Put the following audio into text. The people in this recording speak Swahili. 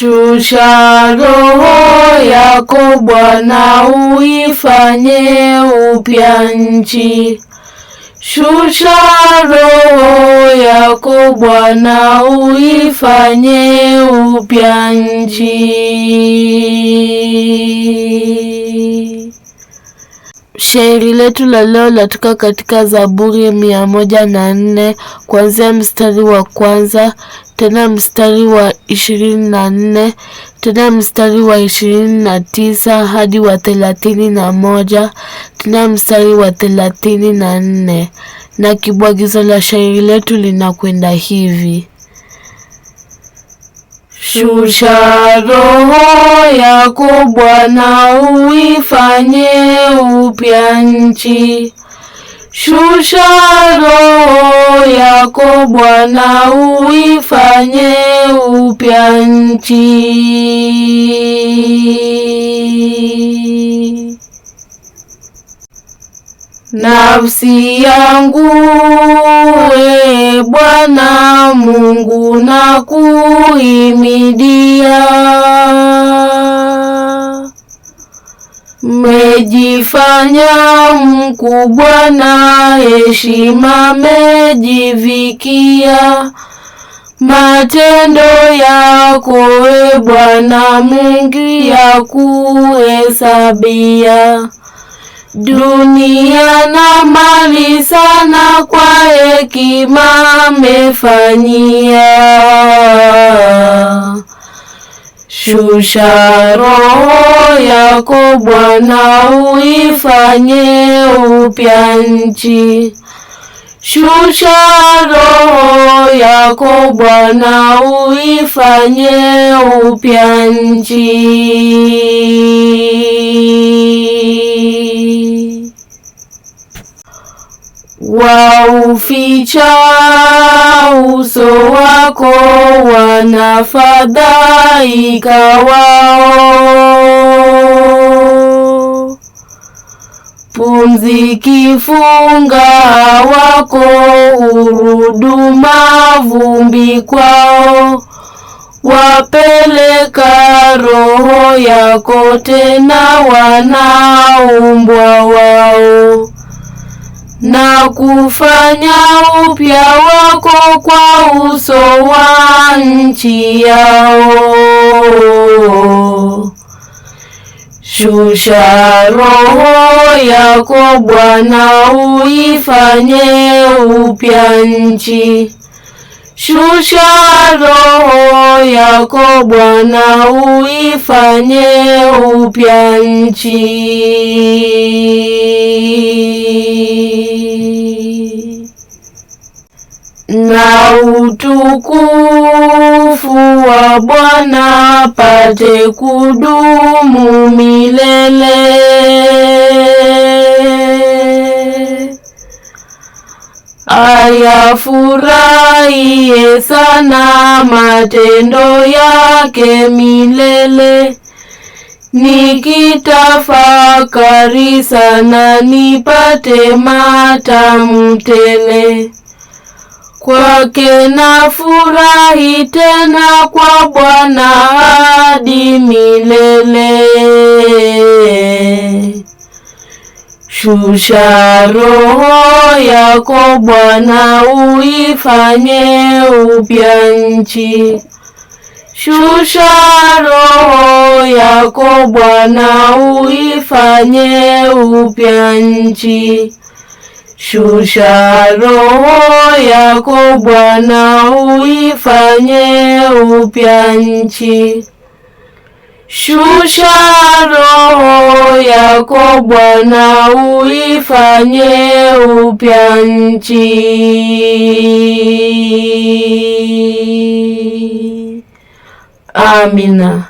Shusha roho yako Bwana, uifanye upya nchi. Shusha roho yako Bwana, uifanye upya nchi. Shairi letu la leo latoka katika Zaburi mia moja na nne kuanzia mstari wa kwanza tena mstari wa ishirini na nne tena mstari wa ishirini na tisa hadi wa thelathini na moja tena mstari wa thelathini na nne na kibwagizo la shairi letu linakwenda hivi: Shusha roho yako Bwana, uifanye upya nchi. Shusha roho yako Bwana, uifanye upya nchi. nafsi yangu e Bwana Mungu nakuhimidia. mejifanya mkubwa na heshima mejivikia matendo yako e Bwana mengi ya kuhesabia Dunia na mali sana, kwa hekima amefanyia. Shusha roho yako Bwana, uifanye upya nchi Shusha roho yako Bwana, uifanye upya nchi. Wauficha uso wako, wanafadhaika wao pumzi kifunga wako urudu mavumbi kwao wapeleka roho yako tena wanaumbwa wao na kufanya upya wako kwa uso wa nchi yao. Shusha roho yako Bwana, uifanye upya nchi. Shusha roho yako Bwana, uifanye upya nchi na utukufu wa Bwana pate kudumu milele. Ayafurahie sana matendo yake milele. Nikitafakari sana nipate matamu tele. Kwake nafurahi tena kwa Bwana hadi milele. Shusha roho yako Bwana, uifanye upya nchi. Shusha roho yako Bwana, uifanye upya nchi. Shusha roho yako Bwana, uifanye upya nchi. Shusha roho yako Bwana, uifanye upya nchi. Amina.